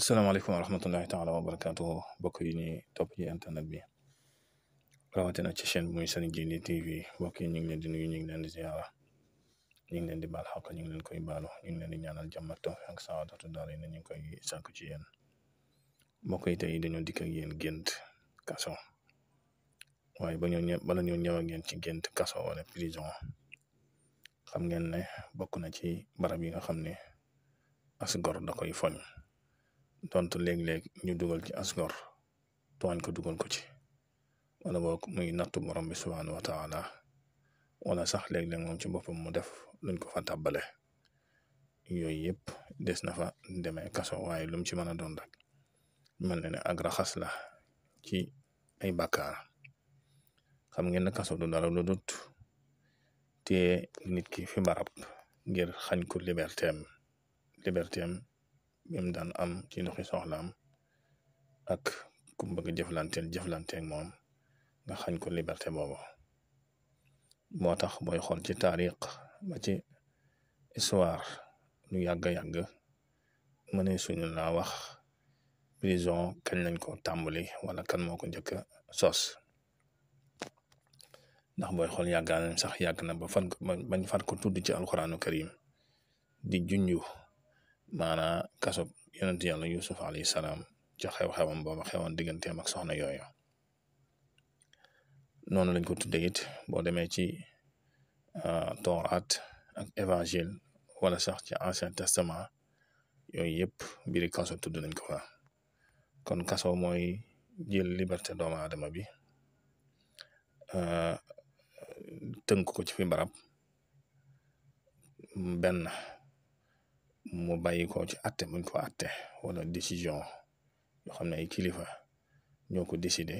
salaamaaleykum wa rahmatullahi taala wa barakaatu mbokk yi ni topp ci internet bi rawatina ci sen muy Seen Jili TV mbokk yi ñu ngi leen di nuyu ñu ngi leen di ziara ñu ngi leen di baal xaq ñu ngi leen koy baalu ñu ngi leen di ñaanal jàmm ak tawfiq ak na ñu ngi koy sàkku ci yéen yi tey dañoo dikk ak yéen gént waaye ba ñoo ñëw bala ñoo ñëw ak ci gént kaso wala prison xam ngeen ne bokk na ci barab yi nga xam ne as gor da koy foñ tontu léeg-léeg ñu dugal ci asgor tooñ ko dugal ko ci wala boog muy nattu borom bi subhaanahu wa taala wala sax léeg-léeg moom ci boppam mu def luñ ko fa tàbbale yooyu yëpp des na fa demee kaso waaye lu ci mën a doon rek mel na ne ak raxas la ci ay bàkkaar xam ngeen ne kaso du dara lu dut te nit ki fi barab ngir xañ ko liberté am bi mu daan am ci ndoxi soxlaam ak ku mu bëgg jëflanteel jëflanteeg moom nga xañ ko liberté boobu moo tax booy xool ci taariix ba ci histoire lu yàgg yàgg mënee suñu laa wax prison kañ lañ ko tàmbali wala kan moo ko njëkk sos ndax booy xool nañ sax yàgg na ba fan bañ far ko tudd ci alxuraanu karim di junju maana kaso yonent yàlla yusuf alayhi salaam ci xew-xewam booba xewoon digganteem ak soxna yooyu noonu lañ ko tuddee it boo demee ci euh, tooraat ak évangile wala sax ci ancien testament yooyu yëpp mbiri kaso tudd nañ ko fa kon kaso mooy jël liberté doomu aadama bi euh, tënk ko ci fi barab benn mu bàyyi ko ci atte muñ ko atte wala décision yoo xam ne ay kilifa ñoo ko décidé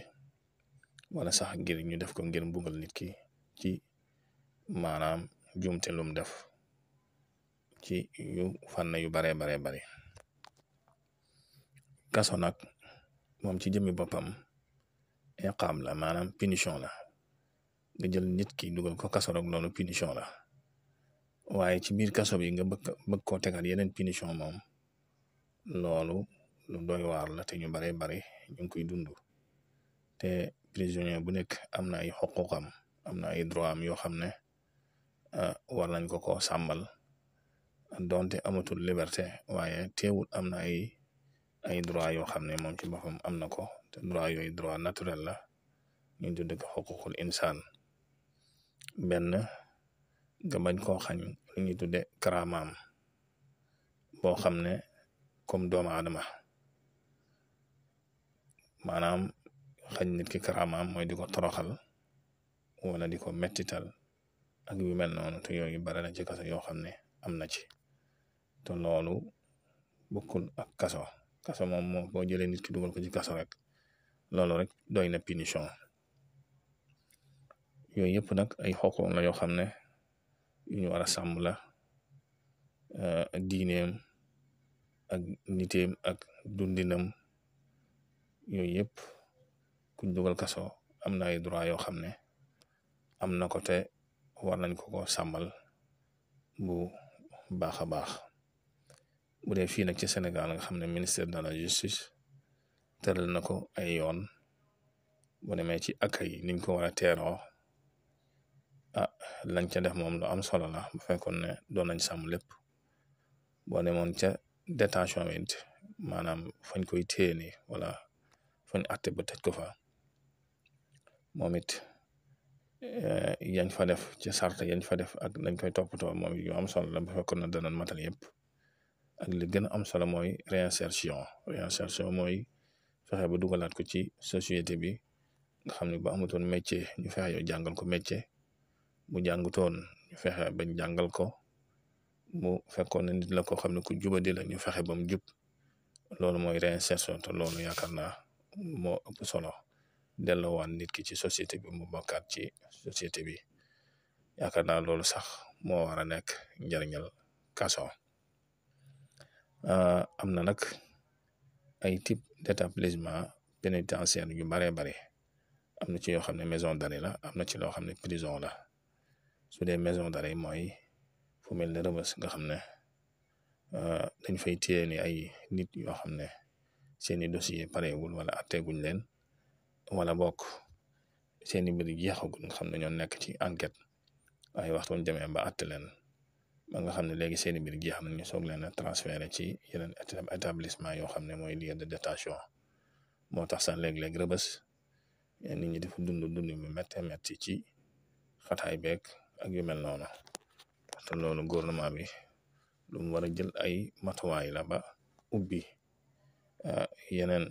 wala sax ngir ñu def ko ngir mbugal nit ki ci maanaam jumte lum def ci yu fànn yu baree baree bari kaso nag moom ci jëmmi boppam iqaam la maanaam punition la nga jël nit ki dugal ko kaso rek loolu punition la waaye ci biir kaso bi nga bëgg bëgg koo tegal yeneen punition moom loolu lu doy waar te ñu bare bare ñu ngi koy dund te prisonnier bu nekk am na ay xuquqam am na ay droit am yoo xam ne ah, war nañ ko koo sàmmal donte amatul liberté waaye teewul am na ay ay droit yoo xam ne moom ci boppam am na ko te droit yooyu droit naturel la ñu tudd ko xuququl insaan benn nga bañ koo xañ lu ñuy tudde karaamaam boo xam ne comme doomu aadama maanaam xañ nit ki karaamaam mooy di ko toroxal wala di ko mettital ak yu mel noonu te yooyu bare na ci kaso yoo xam ne am na ci te loolu bokkul ak kaso kaso moom moo boo jëlee nit ki dugal ko ci kaso rek loolu rek doy na punition yooyu yëpp nag ay xoqoon la yoo xam ne yu ñu war a sàmm la euh, diineem ak niteem ak dundinam yooyu yëpp kuñ dugal kaso am na ay droit yoo xam ne am na ko te war nañ ko ko sàmmal bu baax a baax bu dee fii nag ci senegal nga xam ne ministère de la justice tëral na ko ay yoon bu demee ci accueil niñ ko war a teeroo lañ ca def moom lu am solo la bu fekkoon ne doon nañ sàmm lépp boo demoon ca détention bi it maanaam fañ koy téye nii wala fañ àtte ba tëj ko fa moom it eh, yañ fa def ci sarta yañ fa def ak lañ koy toppatoo moom yu am solo la bu fekkoon ne danañ matal yëpp ak li gën a am solo mooy réinsertion réinsertion mooy fexe ba dugalaat ko ci société bi nga xam ne ba amatoon métier ñu fexe yow jàngal ko métier mu jàngutoon ñu fexe bañ jàngal ko mu fekkoon ne nit la ko xam ne ku jubadi la ñu fexe ba mu jub loolu mooy réinsertion to loolu yaakaar naa moo ëpp solo delloowaan nit ki ci société bi mu bokkaat ci société bi yaakaar naa loolu sax moo war a nekk njëriñal kaso ah, am na nag ay type d'établissement pénitentiaire yu bare bare am na ci yoo xam ne maison d'arrêt la am na ci loo xam ne prison la su dee maison d'arrêt mooy fu mel ne Rebeuss nga xam ne euh, dañ fa téye ni ay nit yoo xam ne seeni dossier pareegul wala atteeguñ leen wala bokk seeni mbir jeexagul nga xam ne ñoo nekk ci enquête ay waxtu ñu demee ba atte leen ba nga xam ne léegi seeni mbir jeex na ñu soog leen a transféré ci yeneen établissement yoo xam ne mooy lieu de détention moo tax sax léeg-léeg Rebeuss nit ñi dafa dund dund mu méttee métti ci xataay beeg. ak yu mel noonu te loolu gouvernement bi lu mu war a jël ay matuwaay la ba ubbi ah, yeneen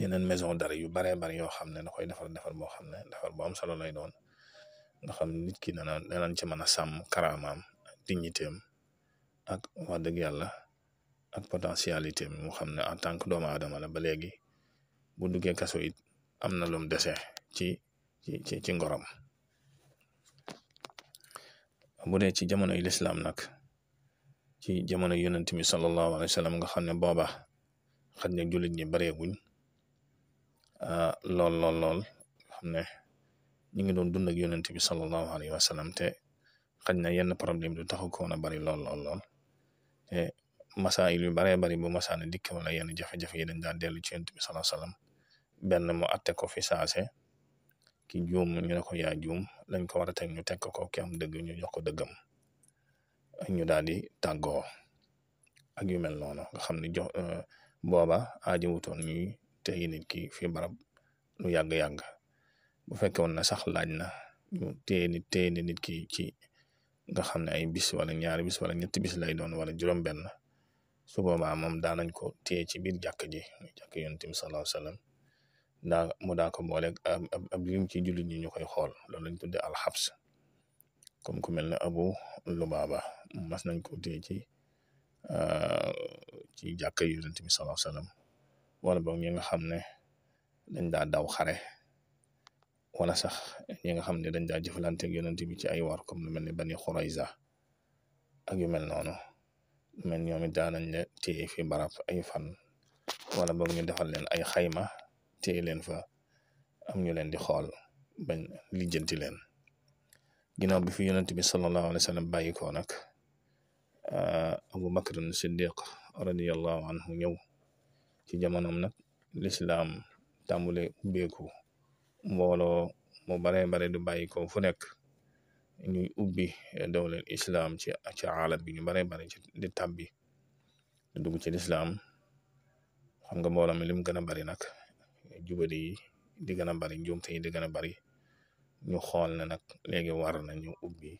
yeneen maison d'arrêt yu baree bari yoo xam ne da koy defar defar boo xam ne defar bu am solo lay doon nga xam nit ki dana danañ ci mën a sàmm karaamaam ak dignitéem ak wax dëgg yàlla ak potentialité am mu xam ne en tant que doomu aadama la ba léegi bu duggee kaso it am na lum dese ci ci ci ngorom. bu dee ci jamonoy lislaam nag ci jamono yonent bi sallallahu alayhi wa sallam nga xam ne booba xaj na jullit ñi bareeguñ ah, lool lool lool xam ne ñu ngi doon dund ak yonent bi sallallahu alayhi wa sallam te xaj na yenn problème du taxu ko woon bari lool lool lool te masaayil yu baree bari bu masaane dikk wala yenn jafe-jafe yi dañ dellu ci yonent bi sallallahu alayhi wa sallam benn mu atte ko fi saase ki juum ñu ne ko yaa juum lañ ko war a teg ñu teg ko ki am dëgg ñu jox ko dëggam ak ñu daal di ak yu mel noonu nga xam ne jox euh, booba aaji wutoon ñuy téye nit ki fi barab lu yàgg-yàgg bu fekkoon na sax laaj na ñu téye nit téye nit ki ci nga xam ne ay bis wala ñaari bis wala ñetti bis lay doon wala juróom-benn su boobaa moom daanañ ko téye ci biir jàkk ji jàkk yonent bi sallallahu alayhi daa mu daa ko booleeg ab ab lim ci juli ñi ñu koy xool loolu lañ tuddee alxabs comme ku mel ne abu lubaaba mas nañ ko téye ci ah, ci jàkka yonent bi sallallahu wala boog ñi nga xam ne dañ daa daw xare wala sax ñi nga xam ne dañ daa jëflante ak yonent bi ci ay war comme lu mel ne bani xurayza ak yu mel noonu mel ñoom it nañ la téye fi barab ay fan wala boog ñu defal leen ay xayma te leen fa am ñu leen di xool bañ lijjanti leen ginnaaw bi fi yonent bi sallallahu alayhi wa sallam bàyyi ko nag ah, abu bakrin siddiq radiallahu anhu ñëw ci jamonoom nag lislaam tàmbule ubbeeku mbooloo mu bare bare du bàyyi fu nekk ñuy ubbi dawlal islaam ci ci aalam bi ñu bare bare ci di tàbbi dugg ci lislaam xam nga mbooloo mi lim gën a bari nag jubadi yi di gën a bari njuumte yi di gën a bari ñu xool na nag léegi war nañu ubbi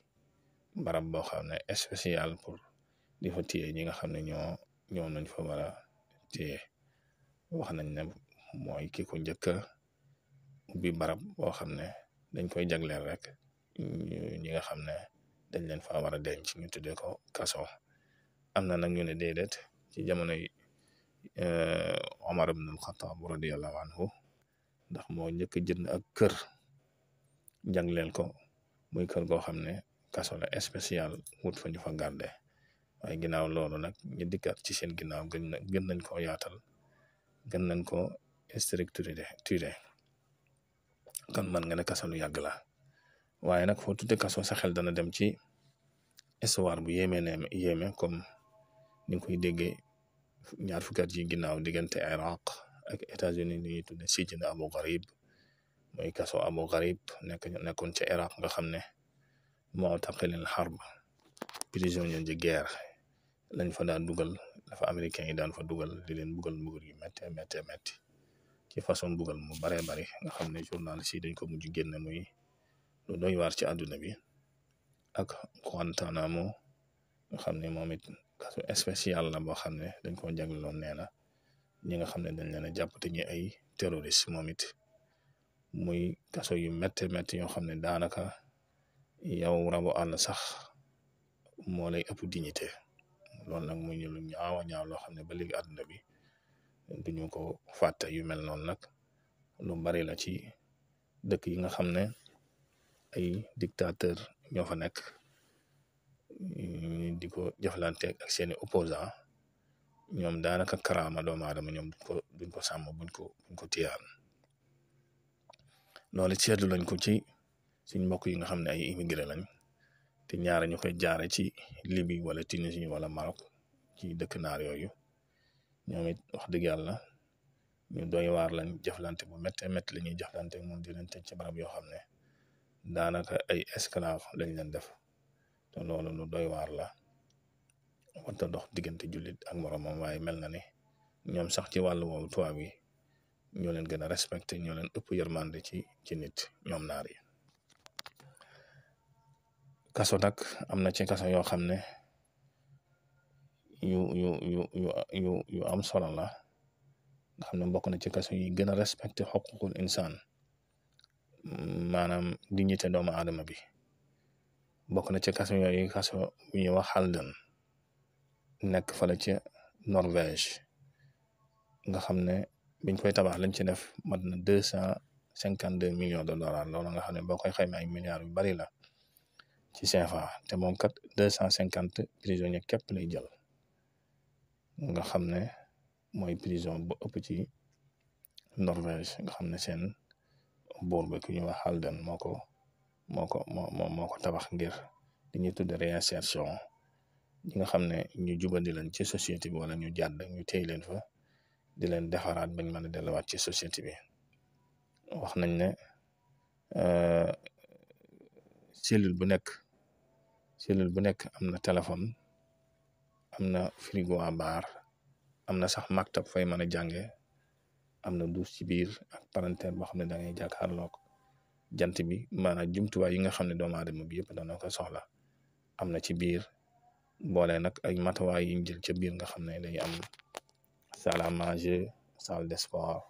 barab boo xam ne spécial pour di fa téye ñi nga xam ne ñoo ñoo nañ fa war a téye wax nañ ne mooy ki ko njëkk ubbi barab boo xam ne dañ koy jagleel rek ñi nga xam ne dañ leen fa war a denc ñu tuddee ko kaso am na nag ñu ne déedéet ci jamono Eh, Omar ibn al-Khattab radiyallahu anhu ndax moo njëkk a jënd ak kër jagleel ko muy kër goo xam ne kaso la spécial wut fa ñu fa garde waaye ginnaaw loolu nag ñu dikkaat ci seen ginnaaw gën na gën nañ koo yaatal gën nañ ko structuré kon man nga ne kaso lu yàgg la waaye nag foo tudde kaso sa xel dana dem ci histoire bu yéeme ne yéeme comme ni nga koy déggee ñaar fukki at yi ginnaaw diggante Iraq ak États-Unis li ñuy tudde sijin Abu Ghraib mooy kaso Abu Ghraib nekk nekkoon ca Iraq nga xam ne mu'taqilil harb prisonnier de guerre lañ fa daan dugal dafa américains yi daan fa dugal di leen bugal mbugal yu métte métte métti ci façon bugal mu baree bari nga xam ne journaliste si dañ ko mujj génne muy lu doy waar ci àdduna bi ak Guantanamo nga xam ne moom it kaso spécial na boo xam ne dañ koo jagleloon nee na ñi nga xam ne dañ leen a jàpp ay terroriste moom it muy kaso yu métti métti yoo xam ne daanaka yow rabu àll sax moo lay ëpp dignité loolu nag muy lu ñaaw a ñaaw loo xam ne ba léegi àdduna bi duñu ko fàtte yu mel noonu nag lu bari la ci dëkk yi nga xam ne ay dictateur ñoo nekk di ko jëflanteeg ak seeni opposant ñoom daanaka karaama doomu aadama ñoom duñ ko duñ buñ ko buñ ko tiyaan loolu seetlu lañ ko ci suñ mbokk yi nga xam ne ay immigré lañ te ñaara ñu koy jaare ci Libi wala Tunisie wala Maroc ci dëkk naar yooyu ñoom it wax dëgg yàlla ñu doy waar lañ jëflante bu métte métti la ñuy jëflante moom di leen tëj ci barab yoo xam ne daanaka ay esclave lañ leen def te loolu lu doy waar la wanta dox diggante jullit ak moroomam waaye mel na ne ñoom sax ci wàllu woowu tubaab yi ñoo leen gën a respecté ñoo leen ëpp yërmande ci ci nit ñoom naar yi kaso nag am na ci kaso yoo xam ne yu yu yu yu yu am solo la nga xam ne bokk na ci kaso yi gën a respecté xuququl insaan maanaam dignité doomu aadama bi bokk na ci kaso yooyu kaso bu ñuy wax xaldan nekk fala ci Norvège nga xam ne biñ koy tabax lañ ci def mat na deux cent cinquante deux million de dollars loolu nga xam ne boo koy xayma ay milliards yu bari la ci CFA te moom kat deux cent cinquante prisonniers képp lay jël nga xam ne mooy prison bo ëpp ci Norvège nga xam ne seen buur bi ku ñuy wax Halden moo ko moo ko moo tabax ngir li ñuy tudde réinsertion ñi nga xam ne ñu jubandi leen ci société bi wala ñu jàdd ñu téy leen fa di leen defaraat bañ mën a delluwaat ci société bi wax nañ ne euh, cellule bu nekk cellule bu nekk am na téléphone am na frigo à bar am na sax maktab fay mën a jànge am na duus ci biir ak palanteer boo xam ne da ngay jàkkaarloog jant bi maanaam jumtuwaay yi nga xam ne doomu aadama bi yëpp dana ko soxla am na ci biir boole nag ay matawaay yuñ jël ca biir nga xam ne day am salle à manger salle de sport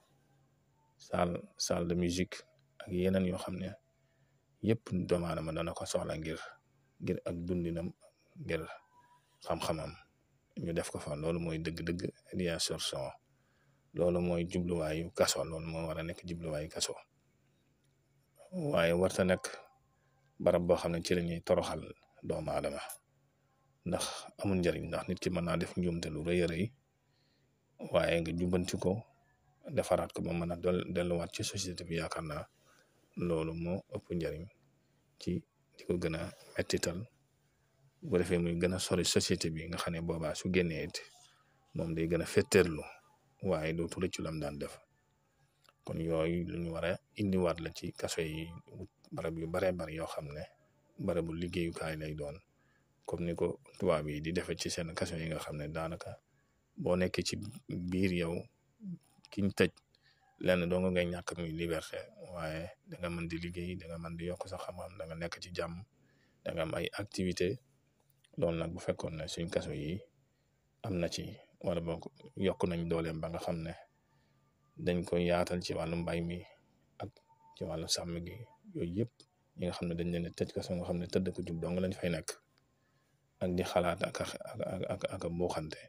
salle salle de musique ak yeneen yoo xam ne yëpp doomu aadama dana ko soxla ngir ngir ak dundinam ngir xam-xamam ñu def ko fa loolu mooy dëgg-dëgg réinsertion loolu mooy jubluwaayu kaso loolu moo war a nekk jubluwaayu kaso waaye warta nekk barab boo xam ne ci la toroxal doomu aadama ndax amul njariñ ndax nit ki mën naa def njuumte lu rëy a rëy waaye nga jubbanti defaraat ko ba mën a delluwaat ci société bi yaakaar naa loolu moo ëpp njariñ ci di ko gën a mettital bu defee muy gën a sori société bi nga xam ne boobaa su génnee it moom day gën a fetteerlu waaye dootu rëccu lam daan def kon yooyu lu ñu war a indiwaat la ci kaso yi barab yu baree bari yoo xam ne barabu liggéeyukaay lay doon comme ni ko tubaab yi di defee ci seen kaso yi nga xam ne daanaka boo nekkee ci biir yow kiñ tëj lenn dong ngay ñàkk muy liberté waaye da nga mën di liggéey danga nga mën di yokk sa xam-xam da nga nekk ci jàmm da nga am ay activité loolu nag bu fekkoon ne suñ kaso yi am na ci wala boog yokk nañ dooleem ba nga xam ne dañ koy yaatal ci wàllu mbay mi ak ci wàllu sàmm gi yooyu yëpp ñi nga xam ne dañ leen tëj kaso nga xam ne tëdd ko jub dong lañ fay nekk. ak di xalaat ak ak ak a buuxante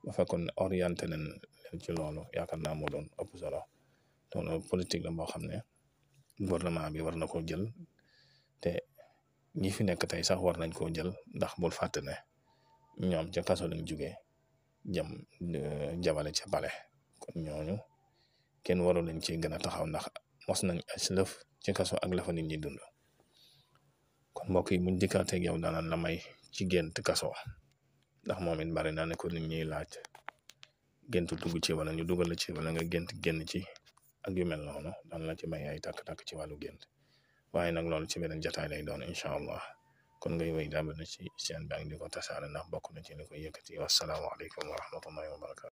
ba fekkoon orienté nañ ci loolu yaakaar naa moo doon ëpp solo loolu politique la boo xam ne gouvernement bi war na koo jël te ñi fi nekk tey sax war nañ koo jël ndax bul fàtte ne ñoom ca kaso lañ jugee jëm euh, jamale ca pale kon ñooñu kenn waru lañ ci gën a taxaw ndax mos nañ as lëf ci kaso ak la fa nit dund kon mbokk yi muñ dikkaatee ak yow daanaan la may ci gént kaso ndax moom it bari na ne ko nit ñiy laaj gént dugg ci wala ñu dugal la ci wala nga gént génn ci ak yu mel noonu daan la ci may ay tàkk-tàkk ci wàllu gént waaye nag loolu ci beneen jataay lay doon incha allah kon ngay wéy dàmb na ci seen bank di ko tasaare ndax bokk na ci li ko yëkkati wasalaamaaleykum wa rahmatullahi wa barakatu